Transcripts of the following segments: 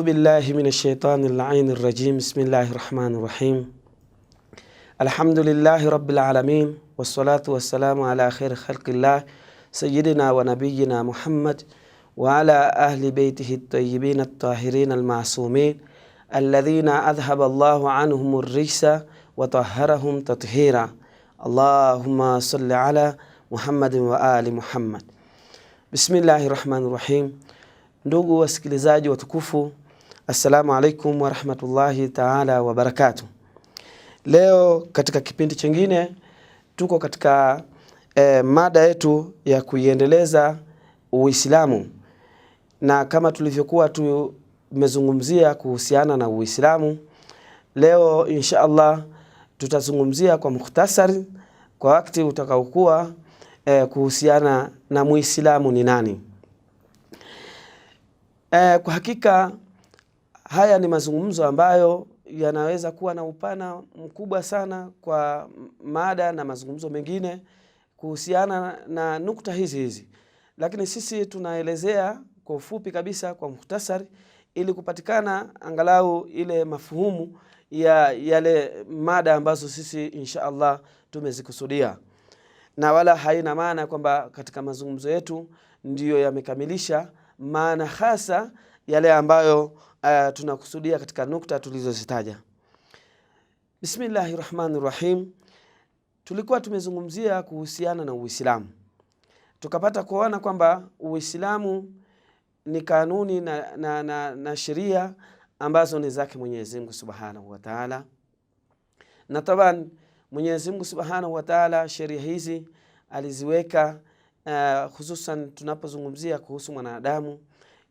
أعوذ بالله من الشيطان اللعين الرجيم بسم الله الرحمن الرحيم الحمد لله رب العالمين والصلاة والسلام على خير خلق الله سيدنا ونبينا محمد وعلى أهل بيته الطيبين الطاهرين المعصومين الذين أذهب الله عنهم الرجس وطهرهم تطهيرا اللهم صل على محمد وآل محمد بسم الله الرحمن الرحيم Ndugu wasikilizaji watukufu, Assalamu alaikum warahmatullahi taala wabarakatu Leo katika kipindi chingine tuko katika eh, mada yetu ya kuiendeleza Uislamu, na kama tulivyokuwa tumezungumzia kuhusiana na Uislamu, leo insha Allah tutazungumzia kwa mukhtasari kwa wakati utakaokuwa eh, kuhusiana na Muislamu ni nani. Eh, kwa hakika Haya ni mazungumzo ambayo yanaweza kuwa na upana mkubwa sana kwa mada na mazungumzo mengine kuhusiana na nukta hizi hizi, lakini sisi tunaelezea kwa ufupi kabisa, kwa muhtasari, ili kupatikana angalau ile mafuhumu ya yale mada ambazo sisi insha Allah tumezikusudia, na wala haina maana kwamba katika mazungumzo yetu ndiyo yamekamilisha maana hasa yale ambayo uh, tunakusudia katika nukta tulizozitaja. Bismillahi rahmani rahim. Tulikuwa tumezungumzia kuhusiana na Uislamu, tukapata kuona kwamba Uislamu ni kanuni na, na, na, na sheria ambazo ni zake Mwenyezi Mungu subhanahu wa taala, na taban Mwenyezi Mungu subhanahu wa taala sheria hizi aliziweka uh, hususan tunapozungumzia kuhusu mwanadamu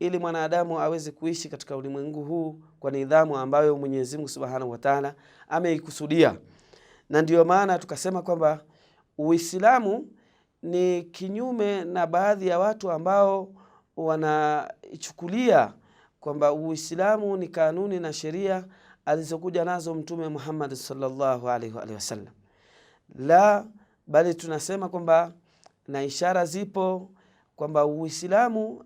ili mwanadamu aweze kuishi katika ulimwengu huu kwa nidhamu ambayo Mwenyezi Mungu Subhanahu wa Ta'ala ameikusudia, na ndiyo maana tukasema kwamba Uislamu ni kinyume na baadhi ya watu ambao wanachukulia kwamba Uislamu ni kanuni na sheria alizokuja nazo Mtume Muhammad sallallahu alaihi wasallam. La, bali tunasema kwamba na ishara zipo kwamba Uislamu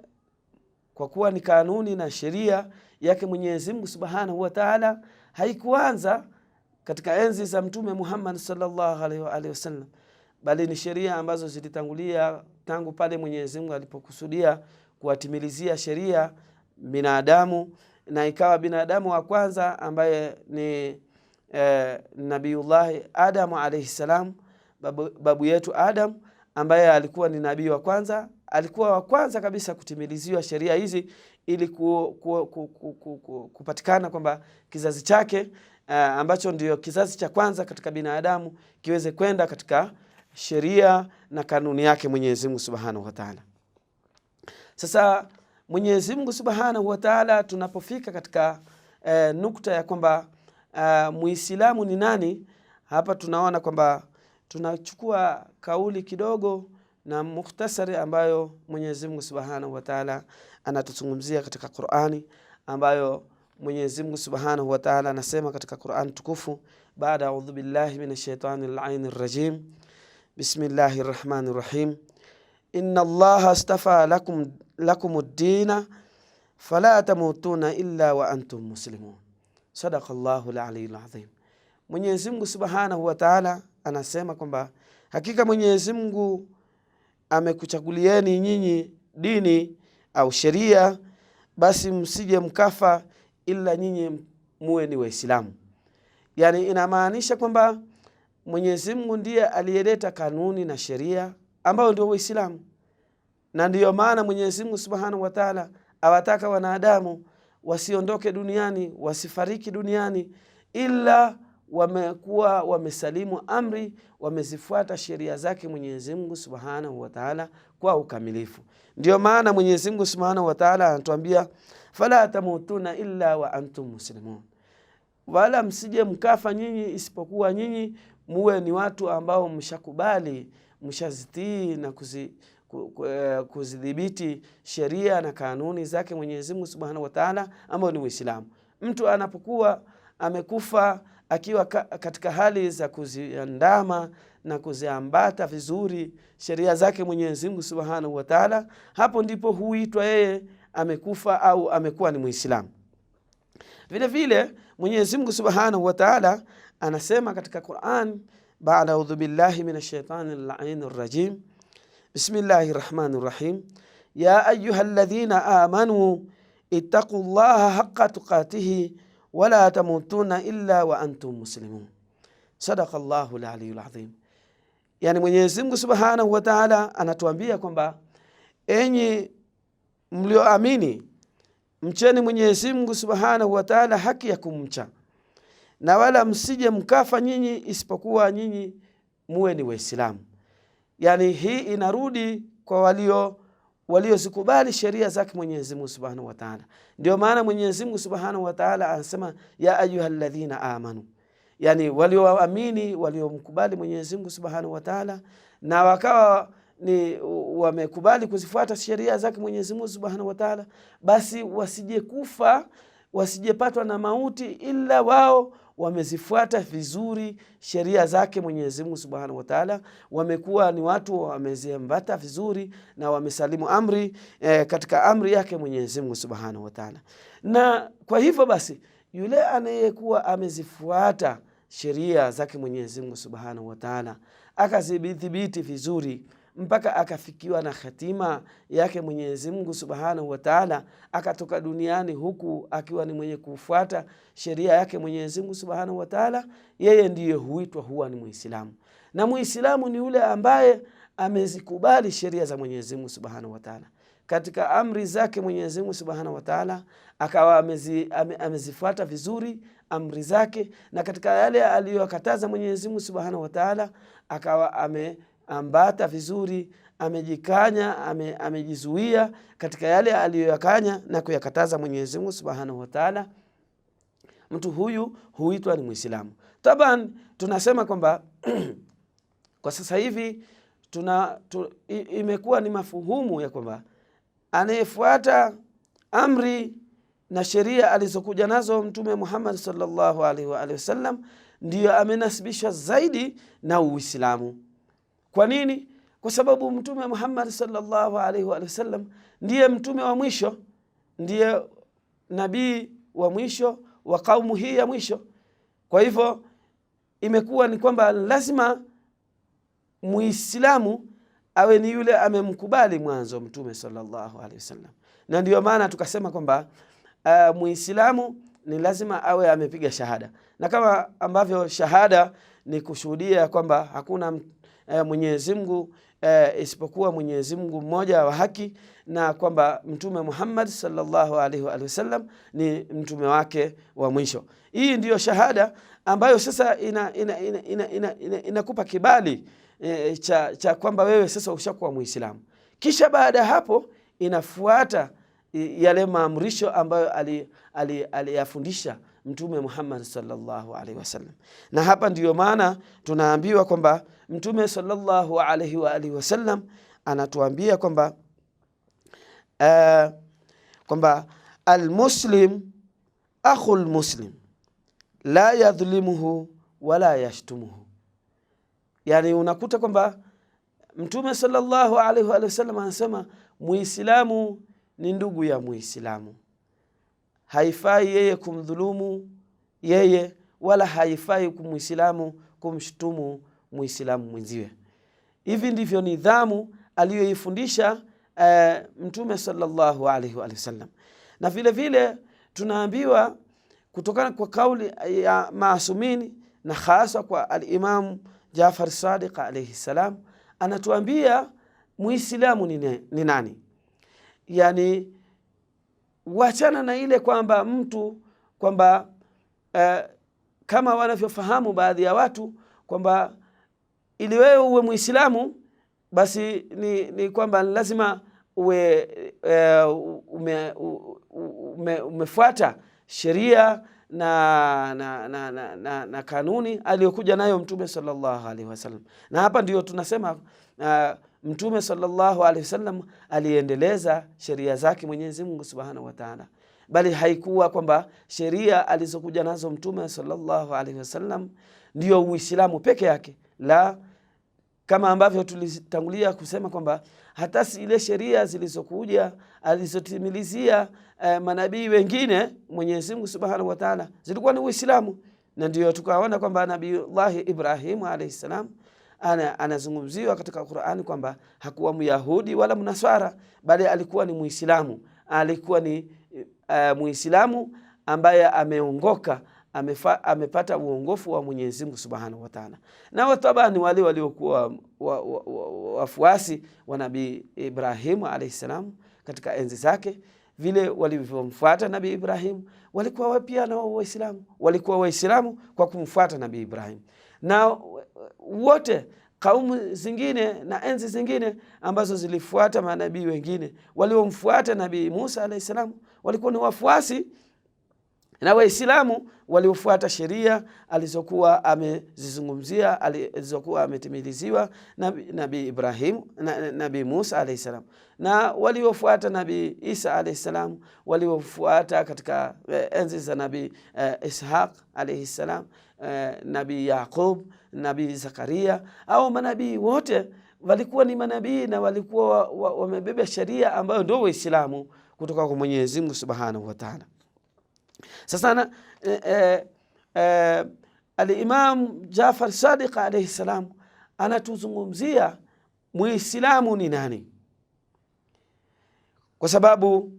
kwa kuwa ni kanuni na sheria yake Mwenyezi Mungu Subhanahu wa Ta'ala, haikuanza katika enzi za Mtume Muhammad sallallahu alaihi wasallam, bali ni sheria ambazo zilitangulia tangu pale Mwenyezi Mungu alipokusudia kuwatimilizia sheria binadamu, na ikawa binadamu wa kwanza ambaye ni eh, Nabiullahi Adamu alaihi salam, babu, babu yetu Adam ambaye alikuwa ni nabii wa kwanza alikuwa wa kwanza kabisa kutimiliziwa sheria hizi ili ku, ku, ku, ku, ku, ku, kupatikana kwamba kizazi chake uh, ambacho ndio kizazi cha kwanza katika binadamu kiweze kwenda katika sheria na kanuni yake Mwenyezi Mungu Subhanahu wa Ta'ala. Sasa Mwenyezi Mungu Subhanahu wa Ta'ala, tunapofika katika uh, nukta ya kwamba uh, Muislamu ni nani, hapa tunaona kwamba tunachukua kauli kidogo na mukhtasari ambayo Mwenyezi Mungu Subhanahu wa Ta'ala anatuzungumzia katika Qur'ani, ambayo Mwenyezi Mungu Subhanahu wa Ta'ala anasema katika Qur'an tukufu, baada a'udhu billahi minashaitani shaitani al-aini rajim bismillahir rahmanir rahim inna allaha astafa lakum ad dina fala tamutuna illa wa antum muslimun. Allahu al al azim. Mwenyezi Mungu Subhanahu wa Ta'ala anasema kwamba hakika Mwenyezi Mungu amekuchagulieni nyinyi dini au sheria, basi msije mkafa ila nyinyi muwe ni Waislamu. Yani inamaanisha kwamba Mwenyezi Mungu ndiye aliyeleta kanuni na sheria ambayo ndio Waislamu, na ndiyo maana Mwenyezi Mungu Subhanahu wa Ta'ala awataka wanadamu wasiondoke duniani, wasifariki duniani ila wamekuwa wamesalimu amri, wamezifuata sheria zake Mwenyezi Mungu Subhanahu wa Ta'ala kwa ukamilifu. Ndio maana Mwenyezi Mungu Subhanahu wa Ta'ala anatuambia fala tamutuna illa wa antum muslimun, wala msije mkafa nyinyi isipokuwa nyinyi muwe ni watu ambao mshakubali mshazitii na kuzi eh, kuzidhibiti sheria na kanuni zake Mwenyezi Mungu Subhanahu wa Ta'ala, ambao ni Uislamu. Mtu anapokuwa amekufa akiwa katika hali za kuziandama na kuziambata vizuri sheria zake Mwenyezi Mungu Subhanahu wa Ta'ala, hapo ndipo huitwa yeye amekufa au amekuwa ni Muislamu. Vile vile Mwenyezi Mungu Subhanahu wa Ta'ala anasema katika Qur'an, baada audhu billahi min shaitani la'inir rajim bismillahi rahmani rahim ya ayuha amanuu amanu llaha haqqa tuqatihi wala tamutuna illa wa antum muslimun. Sadaka llahu laliyul adhim. Yani Mwenyezi Mungu subhanahu wa taala anatuambia kwamba enyi mlioamini, mcheni Mwenyezi Mungu subhanahu wa taala haki ya kumcha, na wala msije mkafa nyinyi isipokuwa nyinyi muwe ni Waislamu. Yani hii inarudi kwa walio waliozikubali sheria zake Mwenyezi Mungu Subhanahu wa Ta'ala. Ndio maana Mwenyezi Mungu Subhanahu wa Ta'ala anasema ya ayuha ladhina amanu, yani walioamini, waliomkubali Mwenyezi Mungu Subhanahu wa Ta'ala na wakawa ni wamekubali kuzifuata sheria zake Mwenyezi Mungu Subhanahu wa Ta'ala, basi wasijekufa wasijepatwa na mauti ila wao wamezifuata vizuri sheria zake Mwenyezi Mungu Subhanahu wa Ta'ala, wamekuwa ni watu wameziambata vizuri na wamesalimu amri e, katika amri yake Mwenyezi Mungu Subhanahu wa Ta'ala. Na kwa hivyo basi yule anayekuwa amezifuata sheria zake Mwenyezi Mungu Subhanahu wa Ta'ala akazidhibiti vizuri mpaka akafikiwa na hatima yake Mwenyezi Mungu Subhanahu wa Ta'ala, akatoka duniani huku akiwa ni mwenye kufuata sheria yake Mwenyezi Mungu Subhanahu wa Ta'ala, yeye ndiye huitwa huwa ni Muislamu. Na Muislamu ni yule ambaye amezikubali sheria za Mwenyezi Mungu Subhanahu wa Ta'ala katika amri zake Mwenyezi Mungu Subhanahu wa Ta'ala akawa amezi, ame, amezifuata vizuri amri zake, na katika yale aliyokataza Mwenyezi Mungu Subhanahu wa Ta'ala akawa ame ambata vizuri, amejikanya ame, amejizuia katika yale aliyoyakanya na kuyakataza Mwenyezi Mungu Subhanahu wa Ta'ala, mtu huyu huitwa ni Muislamu. Taban tunasema kwamba kwa sasa hivi tuna tu, imekuwa ni mafuhumu ya kwamba anayefuata amri na sheria alizokuja nazo Mtume Muhammad sallallahu alaihi wa alihi wasallam ndiyo amenasibishwa zaidi na Uislamu. Kwa nini? Kwa sababu Mtume Muhammad sallallahu alaihi wa sallam ndiye mtume wa mwisho, ndiye nabii wa mwisho wa kaumu hii ya mwisho. Kwa hivyo imekuwa ni kwamba lazima Muislamu awe ni yule amemkubali mwanzo Mtume sallallahu alaihi wasallam, na ndiyo maana tukasema kwamba uh, Muislamu ni lazima awe amepiga shahada, na kama ambavyo shahada ni kushuhudia kwamba hakuna e, Mwenyezi Mungu e, isipokuwa Mwenyezi Mungu mmoja wa haki na kwamba Mtume Muhammad sallallahu alaihi wa sallam ni mtume wake wa mwisho. Hii ndiyo shahada ambayo sasa inakupa ina, ina, ina, ina, ina, ina kibali e, cha, cha kwamba wewe sasa ushakuwa Muislamu. Kisha baada ya hapo inafuata yale maamrisho ambayo aliyafundisha ali, ali Mtume Muhammad sallallahu alaihi wasallam, na hapa ndiyo maana tunaambiwa kwamba Mtume salallahu alaihi wa alihi wasallam anatuambia kwamba uh, kwamba almuslim akhu lmuslim la yadhlimuhu wala yashtumuhu. Yani unakuta kwamba Mtume salallahu alaihi wa alihi wasallam anasema Muislamu ni ndugu ya Muislamu, haifai yeye kumdhulumu yeye, wala haifai kumwislamu kumshtumu muislamu mwenziwe. Hivi ndivyo nidhamu aliyoifundisha e, Mtume sallallahu alaihi wa sallam, na vile vile tunaambiwa kutokana kwa kauli ya maasumini na hasa kwa alimamu Jafar Sadiq alaihi salam, anatuambia muislamu ni nani? Yani wachana na ile kwamba mtu kwamba eh, kama wanavyofahamu baadhi ya watu kwamba ili wewe uwe Muislamu basi ni, ni kwamba lazima uwe e, ume, ume, umefuata sheria na, na, na, na, na, na kanuni aliyokuja nayo Mtume sallallahu alaihi wasallam, na hapa ndio tunasema uh, Mtume sallallahu alaihi wasallam aliendeleza sheria zake Mwenyezi Mungu subhanahu wa taala, bali haikuwa kwamba sheria alizokuja nazo Mtume sallallahu alaihi wasallam ndiyo Uislamu peke yake la kama ambavyo tulitangulia kusema kwamba hata zile sheria zilizokuja alizotimilizia eh, manabii wengine Mwenyezi Mungu Subhanahu wa Ta'ala zilikuwa ni Uislamu, na ndio tukaona kwamba Nabiullahi Ibrahimu alayhi salam ana, anazungumziwa katika Qur'ani kwamba hakuwa Myahudi wala Mnaswara, bali alikuwa ni Muislamu, alikuwa ni uh, Muislamu ambaye ameongoka amefa, amepata uongofu wa Mwenyezi Mungu Subhanahu wa Ta'ala, na wataba ni wale waliokuwa wafuasi wa, wa, wa, wa Nabii Ibrahimu alayhi salam katika enzi zake vile walivyomfuata Nabii Ibrahimu walikuwa wapia na Waislamu walikuwa Waislamu kwa kumfuata Nabii Ibrahimu na wote kaumu zingine na enzi zingine ambazo zilifuata manabii wengine waliomfuata Nabii Musa alayhi salam walikuwa ni wafuasi na Waislamu waliofuata sheria alizokuwa amezizungumzia alizokuwa ametimiliziwa Nabii Nabi ibrahimu nabi Nabii Musa alahi salam, na waliofuata Nabii Isa alahi salam, waliofuata katika eh, enzi za Nabii uh, eh, Ishaq alaihi salam, uh, eh, Nabii Yaqub, Nabii Zakaria au manabii wote walikuwa ni manabii na walikuwa wamebeba wa, wa sheria ambayo ndio Waislamu kutoka kwa Mwenyezi Mungu Subhanahu wa Ta'ala. Sasa na e, e, e, Alimam Jafar Sadiq alaihi salam anatuzungumzia Muislamu ni nani, kwa sababu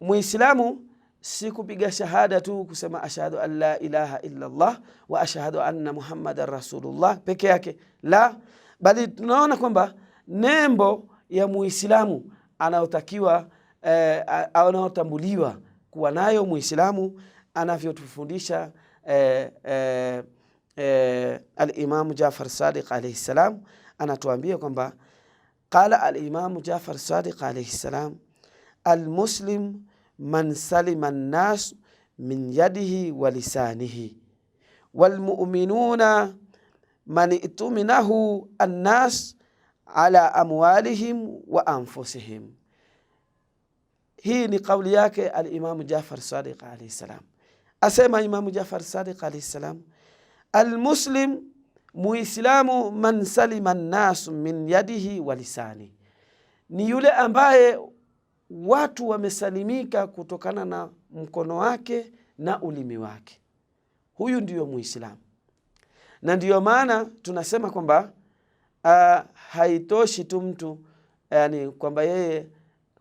Muislamu si kupiga shahada tu kusema ashhadu an la ilaha illa Allah wa ashhadu anna Muhammadan rasulullah peke yake, la bali tunaona kwamba nembo ya Muislamu anaotakiwa eh, anayotambuliwa kuwa nayo Muislamu anavyotufundisha eh, eh, eh, Alimamu Jafar Sadiq alaihi salam anatuambia kwamba qala Alimamu Jafar Sadiq alaihi salam almuslim man salima nnas min yadihi wa lisanihi walmuminuna man ituminahu annas ala amwalihim wa anfusihim hii ni kauli yake alimamu Jafar Sadiq alaihi salam. Asema Imamu Jafar Sadiq alaihi salam, almuslim muislamu man salima nnasu min yadihi wa lisani, ni yule ambaye watu wamesalimika kutokana na mkono wake na ulimi wake. Huyu ndiyo muislamu, na ndiyo maana tunasema kwamba uh, haitoshi tu mtu yani kwamba yeye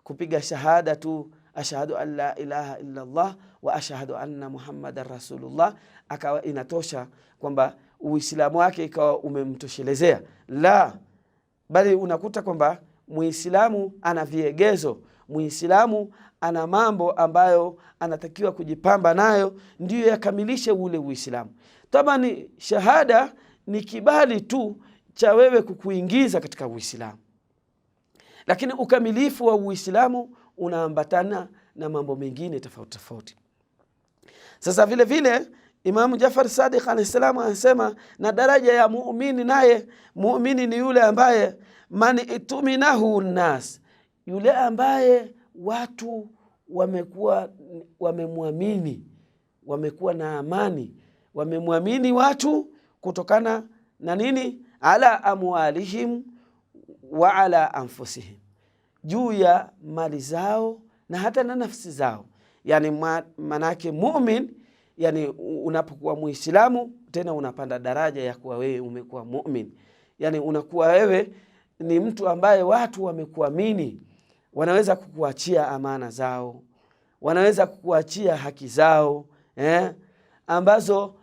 kupiga shahada tu ashhadu an la ilaha illa Allah wa ashhadu anna Muhammadan rasulullah, akawa inatosha kwamba Uislamu wake ikawa umemtoshelezea. La, bali unakuta kwamba Muislamu ana viegezo, Muislamu ana mambo ambayo anatakiwa kujipamba nayo ndiyo yakamilishe ule Uislamu. Tabani, shahada ni kibali tu cha wewe kukuingiza katika Uislamu. Lakini ukamilifu wa Uislamu unaambatana na mambo mengine tofauti tofauti. Sasa vile vile Imamu Jafar Sadiq alayhi salam anasema, na daraja ya mumini naye mumini ni yule ambaye man ituminahu nnas, yule ambaye watu wamekuwa wamemwamini, wamekuwa na amani, wamemwamini watu kutokana na nini? ala amwalihim wa ala anfusihim, juu ya mali zao na hata na nafsi zao. Yani manake mumin, yani unapokuwa Muislamu tena unapanda daraja ya kuwa wewe umekuwa mumin, yani unakuwa wewe ni mtu ambaye watu wamekuamini, wanaweza kukuachia amana zao, wanaweza kukuachia haki zao eh, ambazo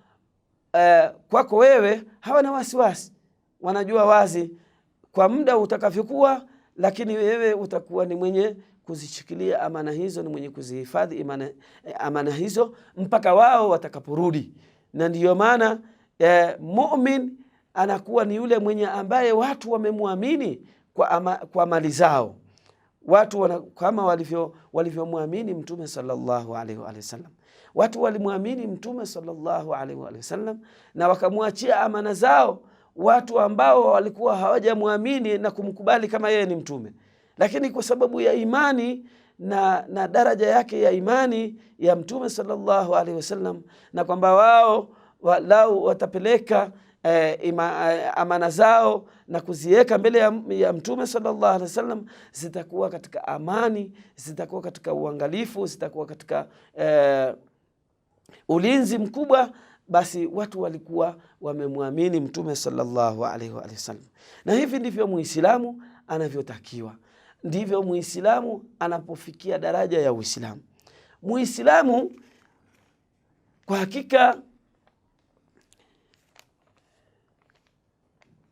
eh, kwako wewe hawana wasiwasi, wanajua wazi kwa muda utakavyokuwa, lakini wewe utakuwa ni mwenye kuzishikilia amana hizo, ni mwenye kuzihifadhi eh, amana hizo mpaka wao watakaporudi. Na ndiyo maana e, mumin anakuwa ni yule mwenye ambaye watu wamemwamini kwa, kwa mali zao watu wana, kama walivyomwamini walivyo Mtume sallallahu alaihi Watu walimwamini Mtume sallallahu alaihi na wakamwachia amana zao watu ambao walikuwa hawajamwamini na kumkubali kama yeye ni mtume, lakini kwa sababu ya imani na, na daraja yake ya imani ya mtume sallallahu alaihi wasallam na kwamba wao walau watapeleka eh, ima, eh, amana zao na kuziweka mbele ya, ya mtume sallallahu alaihi wasallam zitakuwa katika amani, zitakuwa katika uangalifu, zitakuwa katika eh, ulinzi mkubwa basi watu walikuwa wamemwamini Mtume sallallahu alaihi wa sallam. Na hivi ndivyo Muislamu anavyotakiwa, ndivyo Muislamu anapofikia daraja ya Uislamu. Muislamu kwa hakika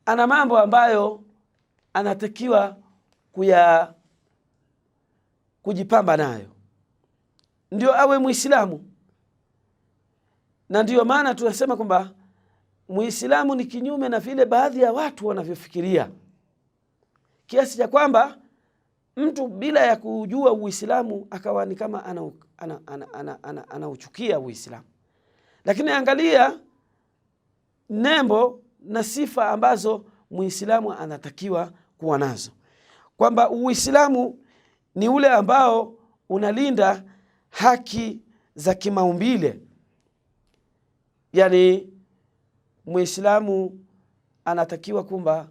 ana mambo ambayo anatakiwa kuya kujipamba nayo ndio awe Muislamu na ndiyo maana tunasema kwamba Muislamu ni kinyume na vile baadhi ya watu wanavyofikiria, kiasi cha kwamba mtu bila ya kujua Uislamu akawa ni kama anauchukia ana, ana, ana, ana, ana Uislamu. Lakini angalia nembo na sifa ambazo Muislamu anatakiwa kuwa nazo, kwamba Uislamu ni ule ambao unalinda haki za kimaumbile yani Muislamu anatakiwa kwamba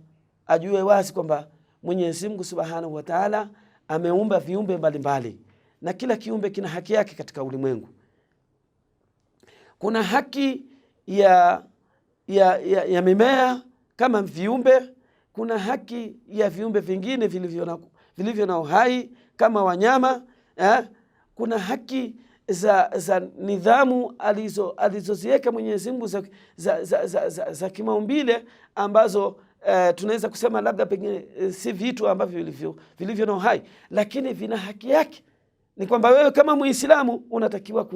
ajue wazi kwamba Mwenyezi Mungu Subhanahu wa Ta'ala ameumba viumbe mbalimbali na kila kiumbe kina haki yake katika ulimwengu. Kuna haki ya, ya, ya, ya mimea kama viumbe, kuna haki ya viumbe vingine vilivyo na, vilivyo na uhai kama wanyama eh? Kuna haki za, za nidhamu alizoziweka Mwenyezi Mungu za, za, za, za, za, za kimaumbile ambazo Uh, tunaweza kusema labda pengine uh, si vitu ambavyo vilivyo, vilivyo na uhai lakini vina haki yake. Ni kwamba wewe kama Muislamu unatakiwa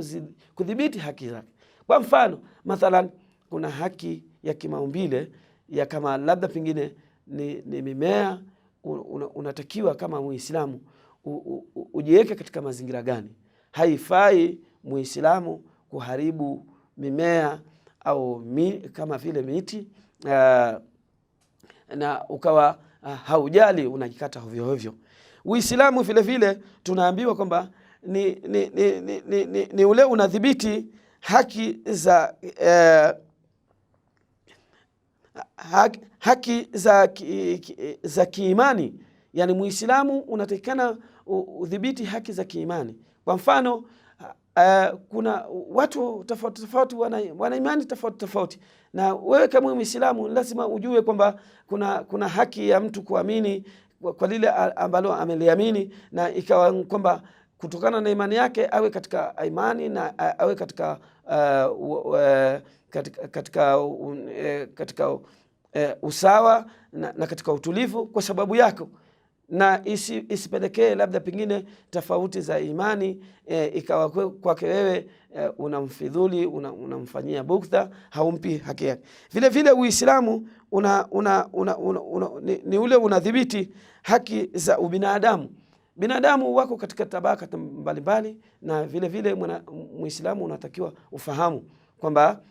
kudhibiti haki zake. Kwa mfano mathalan, kuna haki ya kimaumbile ya kama labda pengine ni, ni mimea, unatakiwa kama Muislamu ujiweke katika mazingira gani haifai Muislamu kuharibu mimea au mi, kama vile miti uh, na ukawa uh, haujali unajikata hovyo hovyo. Uislamu vile vile tunaambiwa kwamba ni, ni, ni, ni, ni, ni, ni ule unadhibiti haki za eh, haki, haki za, ki, ki, za kiimani. Yani Muislamu unatakikana udhibiti haki za kiimani. Kwa mfano uh, kuna watu tofauti tofauti wana, wana imani tofauti tofauti, na wewe kama Muislamu lazima ujue kwamba kuna, kuna haki ya mtu kuamini kwa lile ambalo ameliamini na ikawa kwamba kutokana na imani yake awe katika imani na awe katika uh, uh, katika, katika, uh, katika uh, usawa na, na katika utulivu kwa sababu yako na isi, isipelekee labda pengine tofauti za imani e, ikawa kwake wewe e, unamfidhuli unamfanyia una buktha, haumpi haki yake. Vile vile Uislamu una, una, una, una, una, ni, ni ule unadhibiti haki za ubinadamu. Binadamu wako katika tabaka mbalimbali, na vile vile Muislamu unatakiwa ufahamu kwamba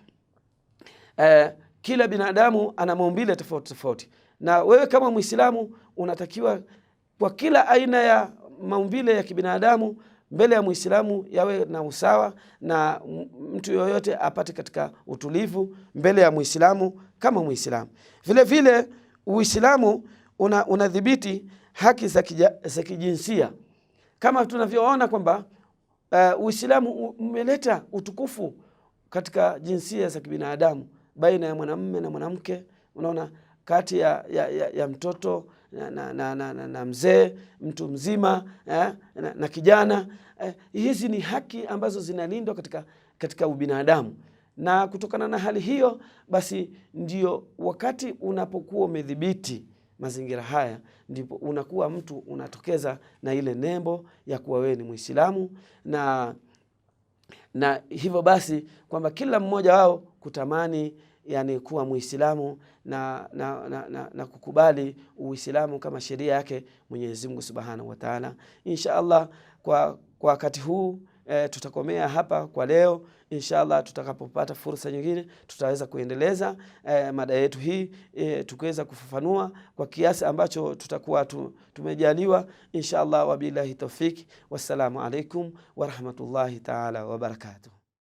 e, kila binadamu ana maumbile tofauti tofauti, na wewe kama Muislamu unatakiwa kwa kila aina ya maumbile ya kibinadamu mbele ya Muislamu yawe na usawa na mtu yoyote apate katika utulivu mbele ya Muislamu kama Muislamu. Vile vile Uislamu unadhibiti una haki za kijinsia kama tunavyoona kwamba uh, Uislamu umeleta utukufu katika jinsia za kibinadamu baina ya mwanamume na mwanamke, unaona kati ya, ya, ya, ya mtoto na, na, na, na, na, na mzee, mtu mzima eh, na, na kijana eh, hizi ni haki ambazo zinalindwa katika, katika ubinadamu na kutokana na hali hiyo basi ndio wakati unapokuwa umedhibiti mazingira haya, ndipo unakuwa mtu unatokeza na ile nembo ya kuwa wewe ni mwislamu na, na hivyo basi kwamba kila mmoja wao kutamani yani kuwa Muislamu na, na, na, na, na kukubali Uislamu kama sheria yake Mwenyezi Mungu Subhanahu wa Ta'ala. Insha Allah kwa wakati huu e, tutakomea hapa kwa leo. Insha Allah tutakapopata fursa nyingine tutaweza kuendeleza e, mada yetu hii e, tukiweza kufafanua kwa kiasi ambacho tutakuwa tu, tumejaliwa insha Allah. Wabillahi taufiki, wassalamu alaikum warahmatullahi taala wabarakatuh.